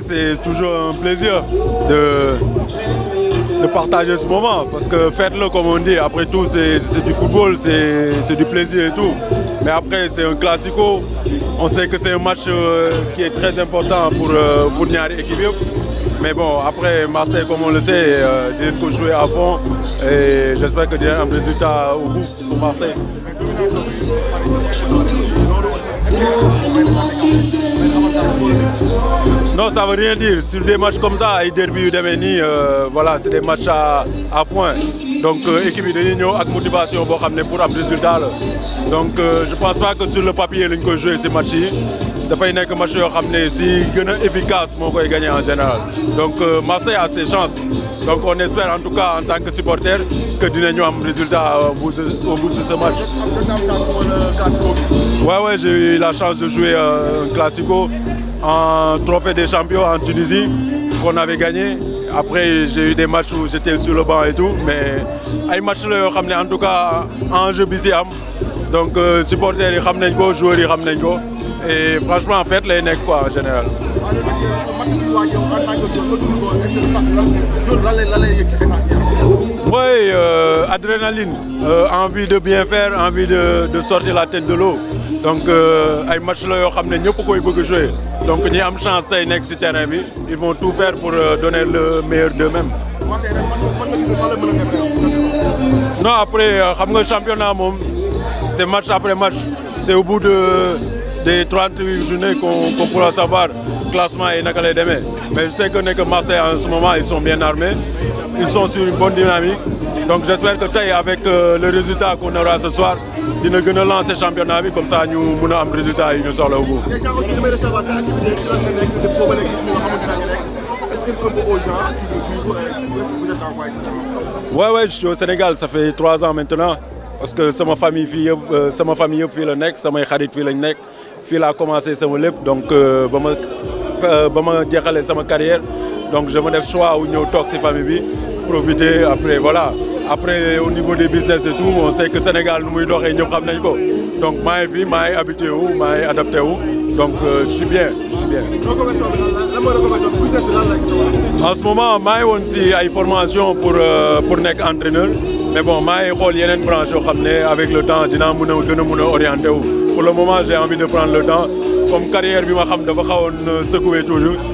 c'est toujours un plaisir de, de partager ce moment. Parce que faites-le comme on dit. Après tout, c'est du football, c'est du plaisir et tout. Mais après, c'est un classico. On sait que c'est un match euh, qui est très important pour, Niari euh, pour Mais bon, après, Marseille, comme on le sait, euh, il faut jouer à fond. Et j'espère que y a un résultat au bout pour Marseille. Non, ça ne veut rien dire. Sur des matchs comme ça, et derby ou Demeni, euh, voilà, c'est des matchs à, à points. Donc, euh, équipe de l'Union avec motivation pour un résultat. Donc, euh, je ne pense pas que sur le papier, l'on peut jouer ces matchs. il n'y match pas que ramené si efficace gagner gagner en général donc Marseille a ses chances donc on espère en tout cas en tant que supporter que a un résultat au bout de ce match. Oui, ouais, j'ai eu la chance de jouer un classico un trophée des champions en Tunisie qu'on avait gagné. Après, j'ai eu des matchs où j'étais sur le banc et tout, mais un match le en tout cas en jeu bizarre. donc euh, supporter les ramenait. jouer joueurs et franchement en fait les nègres, quoi en général. Oui, euh, adrénaline, euh, envie de bien faire, envie de, sortir la tête de l'eau. Donc, les matchs là, ils pourquoi ils veulent jouer. Donc, ils ont une chance d'être ce terrain. Ils vont tout faire pour euh, donner le meilleur d'eux-mêmes. Non, après, le euh, championnat, c'est match après match. C'est au bout de, des 38 journées qu'on pourra savoir classement et le Deme. Mais je sais que, que Marseille en ce moment, ils sont bien armés. Ils sont sur une bonne dynamique. Donc j'espère que avec euh, le résultat qu'on aura ce soir, ils ne lancer le championnat comme ça nous avons un résultat et nous sommes au bout. Oui, je suis au Sénégal, ça fait trois ans maintenant. Parce que c'est euh, euh, ma famille, c'est ma famille, c'est le nec, c'est ma famille, qui le nec. Fille a commencé, c'est mon lip. Donc, je c'est ma carrière donc je me le choix où nous talk si famille profiter après voilà après au niveau des business et tout on sait que Sénégal nous il doit xam donc ma vie, ma habité où habitué adapté donc euh, je suis bien je suis bien. en ce moment je suis woon formation pour euh, pour entraîneur mais bon je suis en branche avec le temps je pour le moment j'ai envie de prendre le temps comme carrière je ma xam dafa euh, secouer toujours.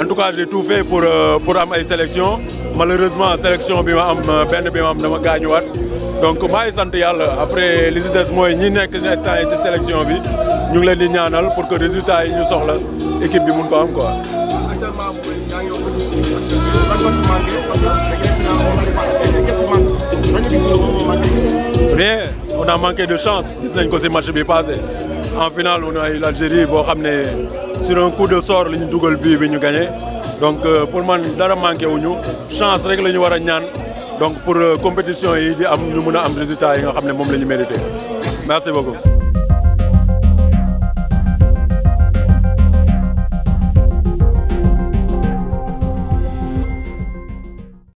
en tout cas j'ai tout fait pour euh, pour une sélection malheureusement la sélection n'a pas am euh, donc je après les que nous avons ñi sélection nous ñu ngi pour que résultat yi ñu l'équipe équipe bi rien on a manqué de chance que ko match passé en finale on a eu l'Algérie pour ramener sur un coup de sort les deux dugal et nous ñu donc euh, pour man dara n'y wuñu chance rek la chance de donc pour euh, compétition yi di a am résultat yi nga xam merci beaucoup.